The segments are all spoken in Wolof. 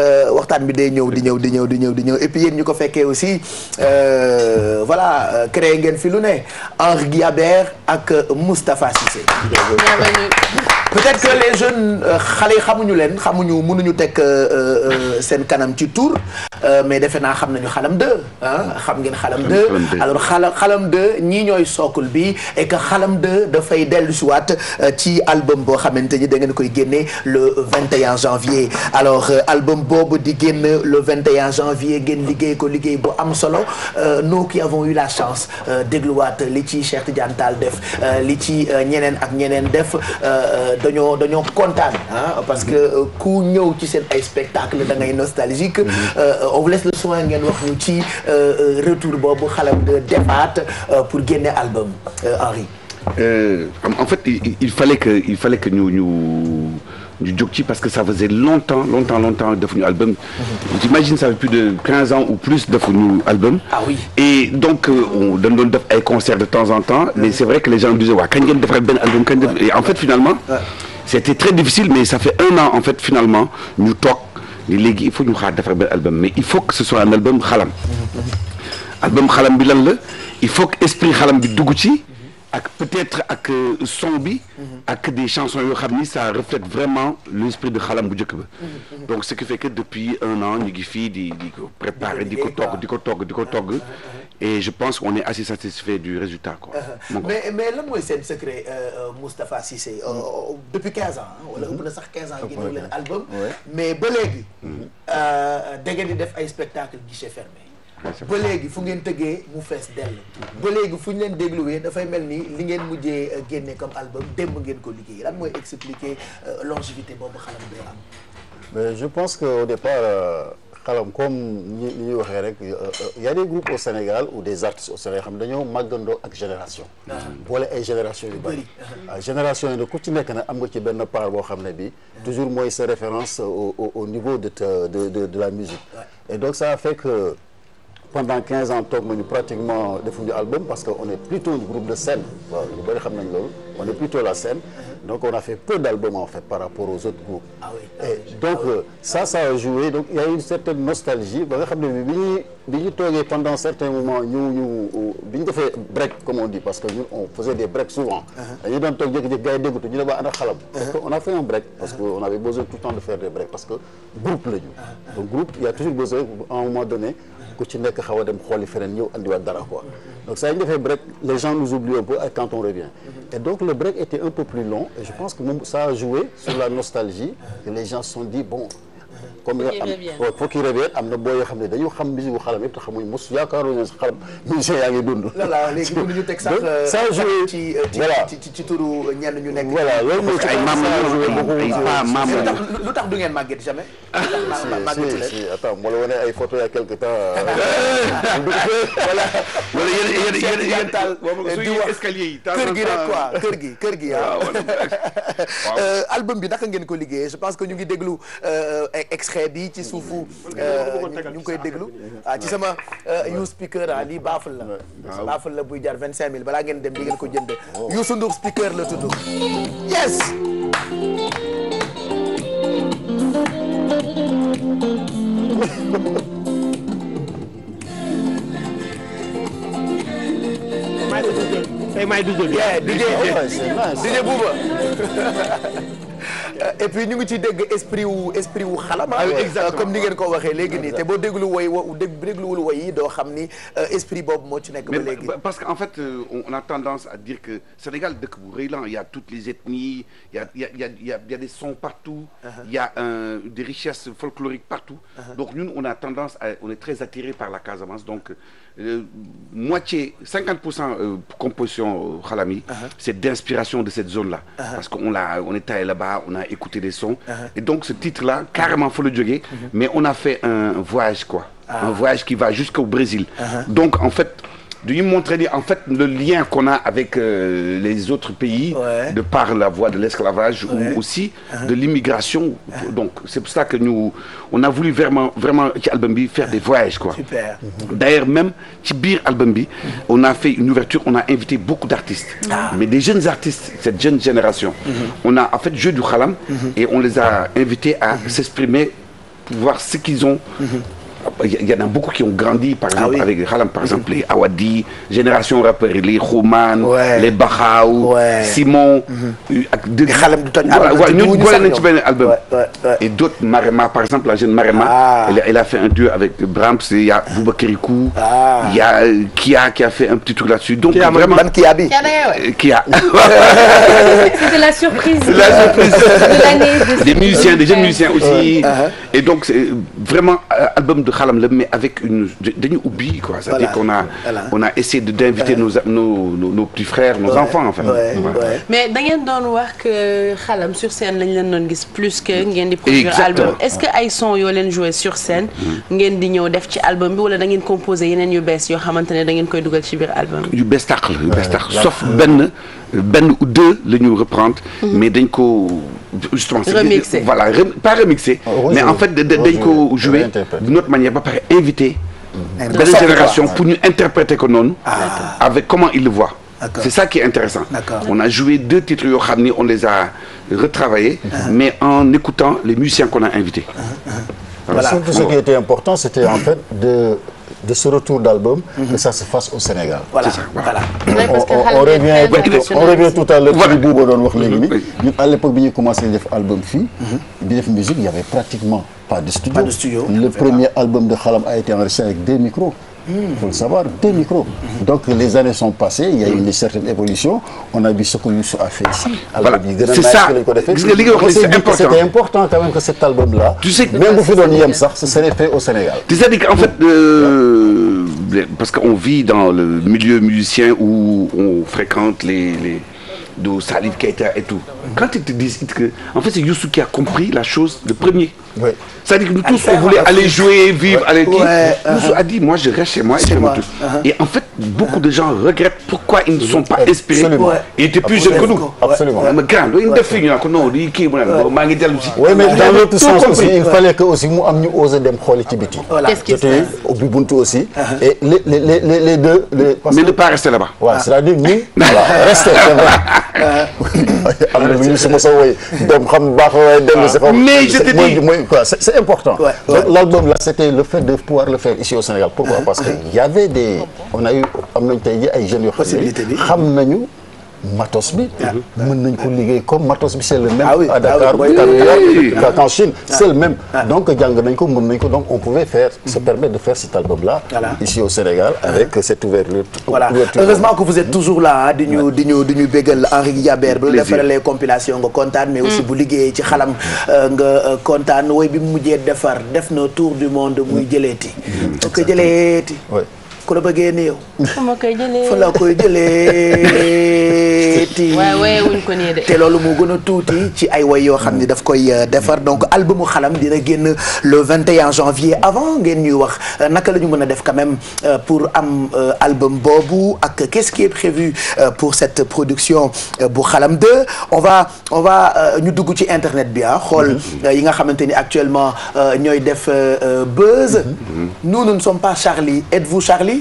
Euh, waxtaan bi day ñëw di ñëw di ñëw di ñëw di ñëw et yéen ñu ko fekkee aussi euh, voilà euh, créé ngeen fi lu ne Henri Guillabert ak Moustapha Cissé peut-être que les jeunes euh, xale yi xamuñu leen xamuñu mënuñu teg euh, euh, seen kanam ci tour mais defe naa xam nañu xalam deux ah xam ngeen xalam deux alors xala xalam deux ñii ñooy sookul bi et que xalam deux dafay dellu si waat ci album boo xamante ni da ngeen koy génne le 21 janvier alors album boobu di génn le 21 janvier ngeen liggéey ko liggéey bu am solo nous qui avons eu la chance dégluwaat li ci Cheikh Tidiane Tall def li ci ñeneen ak ñeneen def dañoo dañoo kontaan ah parce que euh, ku ñëw ci seen ay spectacle da ngay nostalgique mm-hmm. euh, on vous laisse le soin ngeen wax ñu ci euh, retour boobu xalam de defaat pour génne album Henri en fait il fallait que il fallait que ñu ñu ñu jóg ci parce que ça faisait longtemps longtemps longtemps defuñu album. j'imagine mhm. ça fait plus de quinze ans ou plus defuñu album. ah oui et donc euh, dañ doon def ay concerts de temps en temps mais c'est vrai que les gens disaient waaw kañ ngeen defaraat benn album kañ ngeen et en fait finalement. c'était très difficile mais ça fait un an en fait finalement ñu toog ni léegi il faut ñu xaar defar benn album mais il faut que ce soit un album xalam. Mhm. album xalam bi lan la il faut que esprit xalam bi dugg ci. ak peut-être ak euh, son bi. Mm-hmm. ak des chansons yoo xam ni ça reflète vraiment l'esprit de xalam bu njëkk mm-hmm. donc ce qui fait que depuis un an ñu ngi fii di di préparer di ko togg di ko togg di ko togg. et je pense qu'on est assez satisfait du résultat quoi. Ah, ah. mais mais lan mooy seen secret euh, euh, Moustapha mm. wala sax 15 ans génn mais ba léegi. Mm. di def ay spectacle guichet fermé. ba léegi fu ngeen tëggee mu fees dell ba léegi fu ñu leen dégluwee dafay mel ni li ngeen mujjee euh, génne comme album démb ngeen ko liggéey lan mooy expliquer euh, longévité boobu mais je pense que au départ euh, xalam comme ni ñuy waxee rek y a des groupes au Sénégal ou des artistes au Sénégal xam dañoo màggandoo ak génération ah. boole ay génération yu bëri ah. ah, génération yi ne ku ci nekk nag am nga ci benn part boo xam ne bi toujours mooy sa référence au niveau de de de la musique et donc ça fait que pendant 15 ans toog nañu pratiquement defuñu album parce que on est plutôt un groupe de scène waaw ñu bëri xam nañ loolu on est plutôt la scène. Donc on a fait peu d'albums en fait par rapport aux autres groupes. Ah, ah donc euh, ça, ça Donc il y une certaine nostalgie ba nga xam ne bi ñuy bi ñu toogee pendant certains moments ñu break comme on dit parce que on faisait des breaks souvent. Uh-huh. dañu doon toog jékki-jékki gars yi déggatu ñu ne ba ànd uh-huh. on a fait un break. parce que uh-huh. on avait besoin tout temps de faire des breaks parce que groupe la ñu. donc groupe toujours besoin un moment ku ci nekk xaw a dem le break était un peu plus long et je pense que ça a joué sur la nostalgie et les gens se sont dit bon comme am faut am na boo yoo xam ne dañu xam musique bu xalam yëpp xam xamuñ mos yaakaaroon ne xalam musicien yaa ngi dund voilà léegi mën o teg sax euh, sans jouer euh, ci ci ci turu ñenn ñu nekk voilà loolu mooy ay maam la ñu lu tax du ngeen màgget jamais ah, si si attends moo la wane ay photo y a quelque temps di wax escalier gi kër gi kër gi ah. Ah, euh, album bi naka ngeen ko liggéeyee je que ñu ngi déglu extrait bi ci suufu. Euh, ñu ngi koy déglu ah, ci sama euh, you speaker ah lii la. waaw buy jar vingt cinq mille balaa ngeen dem di ngeen ko jënd. Oh. Youssou Ndour speaker la tudd. yes. maa ngi DJ. Bouba. Euh, et puis ñu ngi ciy dégg esprit wu esprit wu xalam ah euh, comme ni ngeen ko waxee léegi nii te boo déglu woy wa dégluwul woy yi doo xam ni euh, esprit boobu moo ci nekk ba léegi parce que en fait on a tendance à dire que Sénégal dëkk bu rëy la il y a toutes les ethnies il y a il y a il y a il y a des sons partout il y a des uh-huh. richesses folkloriques partout uh-huh. donc ñun on a tendance à on est très attiré par la Casamance donc Euh, moitié cinquante pour cent euh, composition xalam euh, yi. Uh-huh. c'est d'inspiration de cette zone là. Uh-huh. parce que on l'a on est allé là-bas on a écouté des sons. Uh-huh. et donc ce titre là carrément fa la jógee. mais on a fait un voyage quoi. Ah. un voyage qui va jusqu'au Brésil. donc en fait. de lui montrer en fait le lien qu'on a avec euh, les autres pays ouais. de par la voie de l'esclavage ouais. ou aussi uh -huh. de l'immigration. Uh-huh. Donc c'est pour ça que nous on a voulu vraiment vraiment ci album bi faire des voyages quoi. Super. Mm-hmm. D'ailleurs même ci biir album bi mm-hmm. on a fait une ouverture, on a invité beaucoup d'artistes. Ah. Mais des jeunes artistes, cette jeune génération. Uh mm-hmm. -huh. On a en fait joué du khalam uh -huh. et on les a invités à s'exprimer pour voir ce qu'ils ont il y, a beaucoup qui ont grandi, par ah exemple, ah oui. avec les Khalam, par mm-hmm. exemple, les Awadi, Génération Rappeur, les Khouman, ouais. les Bahaou, ouais. Simon. Mm-hmm. Euh, ak dëgg Khalam du toj album. waaw et d'autres Marema, par exemple, la jeune ah. a fait un duo avec Brahms, il y a ah. Boubacar Icou. a euh, Kia qui a fait un petit truc là-dessus. Donc vraiment uh-huh. euh, album de Khalam. xalam la mais avec une dañu ubbi quoi c'est-à-dire qu'on a on a essayé d'inviter nos nos nos petits frères nos enfants en fait mais da ngeen doon wax que xalam sur scène lañ leen doon gis plus que ngeen di produire album est-ce que ay son yoo leen jouer sur scène mm. ngeen di ñëw def ci album bi wala da ngeen composer yeneen yu bees yoo xamante ne da ngeen koy dugal ci biir album yu bees tàq la yu bees tàq sauf benn benn ou deux la ñu reprendre. Mhm. mais dañ ko justement. remixé voilà rem pas remixé. Ah, mais en fait dañ ko jouer d'une autre manière ba pare invité. Mhm. benn génération pour ñu interpréter ko noonu. Ah. avec comment il le voit. c'est ça qui est intéressant on a joué deux titres yoo xam ni on les a retravaillés ah. mais en écoutant les musiciens qu'on a invités. voilà surtout était important c'était en fait de ce retour d'album. Mhm. que ça se fasse au Sénégal. on revient tout à l'heure ci Bouba doon wax léegi nii. ñun commencé def album fii. Mhm. bi def musique y avait pratiquement pas de studio. pas de studio le de Xalam a il mm. faut le savoir, deux micros. Donc les années sont passées, il y a eu une certaine évolution. On a vu ce que Youssou a fait ici. Voilà, c'est ça. C'est important. C'était important quand même que cet album-là, tu sais, même vous faites un ça, ce serait fait au Sénégal. C'est-à-dire qu'en fait, euh, parce qu'on vit dans le milieu musicien où on fréquente les, les de Salif Keita et tout. Quand ils te disent que, en fait, c'est Youssou qui a compris la chose le premier. Oui. C'est-à-dire que nous tous, on voulait aller jouer, vivre, ouais. aller dire. Ouais, euh, nous uh -huh. a dit, moi, je reste moi et Tout. Uh-huh. Et en fait, beaucoup de gens regrettent pourquoi ils ne sont pas espérés. Ouais. Ils plus jeunes que nous. Absolument. Mais dans l'autre sens aussi, il fallait que aussi, nous amenions aux aides collectivité. C'était au Bubuntu aussi. Uh-huh. Et les, les, les, les deux. Les... Mais ne pas rester là-bas. Ouais, ah. c'est-à-dire, nous, rester, c'est vrai. Ah. Mais j'étais dit. oui. quoi c'est important ouais, ouais. l'album là c'était le fait de pouvoir le faire ici au Sénégal pourquoi parce que y avait des on a eu am nañu tey ji ay jeunes yoo xam ne xam nañu matos bi. Ah. mën nañ ko liggéey comme matos bi c'est le même. Ah à ah Dakar qu'en Chine c'est le même. donc jàng nañ ko mun nañ ko donc on pouvait faire se mhm. permettre de faire cet album là. ici au Sénégal avec cette ouverture. voilà heureusement que vous mhm. toujours la di ñu di ñu di ñu bégal Henri Guillabert. bu compilation nga kontaan. mais aussi mm. bu liggéeyee ci xalam mm. euh, nga euh, kontaan woy bi mu mujjee defar def na tour du monde muy mm. jëleeti. jëleeti. ku la bëggee néew. fu ma koy jëlee fa la koy jëlee. ti waaye waaye loolu moo gën a tuuti ci ay way yoo xam ni daf koy euh, defar donc albumu xalam dina génn le 21 janvier avant ngeen ñuy wax euh, naka la ñu mën a def quand même euh, pour am album boobu ak qu'est-ce qui est prévu pour cette production bu xalam 2 on va on va ñu dugg ci internet bi ah. xool mm-hmm. nga xamante ni actuellement ñooy def buzz. Mm-hmm. nous nous ne sommes pas Charlie êtes-vous Charlie.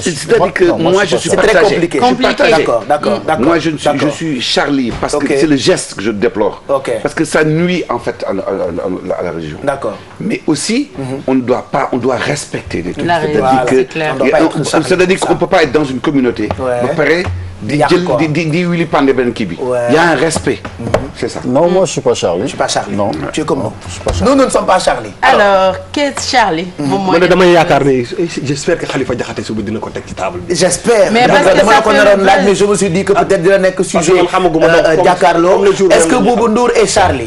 c'est-à-dire que moi je suis partagé c'est très compliqué d'accord d'accord moi je suis je suis Charlie parce que c'est le geste que je déplore parce que ça nuit en fait à la religion d'accord mais aussi mhm. on ne doit pas on doit respecter les trucs c'est-à-dire que c'est-à-dire qu'on peut pas être dans une communauté ba pare di jël di di di wili pande benn kii bi. y a un respect. Mm-hmm. c'est ça. non moi je suis pas Charlie. je suis pas Charlie. non tu es comme nous. je suis pas Charlie. nous nous ne sommes pas Charlie. alors qu'est-ce Charlie. Mm-hmm. moom mooy man damay yaakaar ne j'espère que Khalifa Diakhaté suba dina ko teg ci table bi. j'espère mais parce que dama ko naroon laaj mais je me suis dit que peut-être dina nekk sujet. parce que man xamaguma euh, donc euh, comme le jour est-ce que Boubou Ndour et Charlie.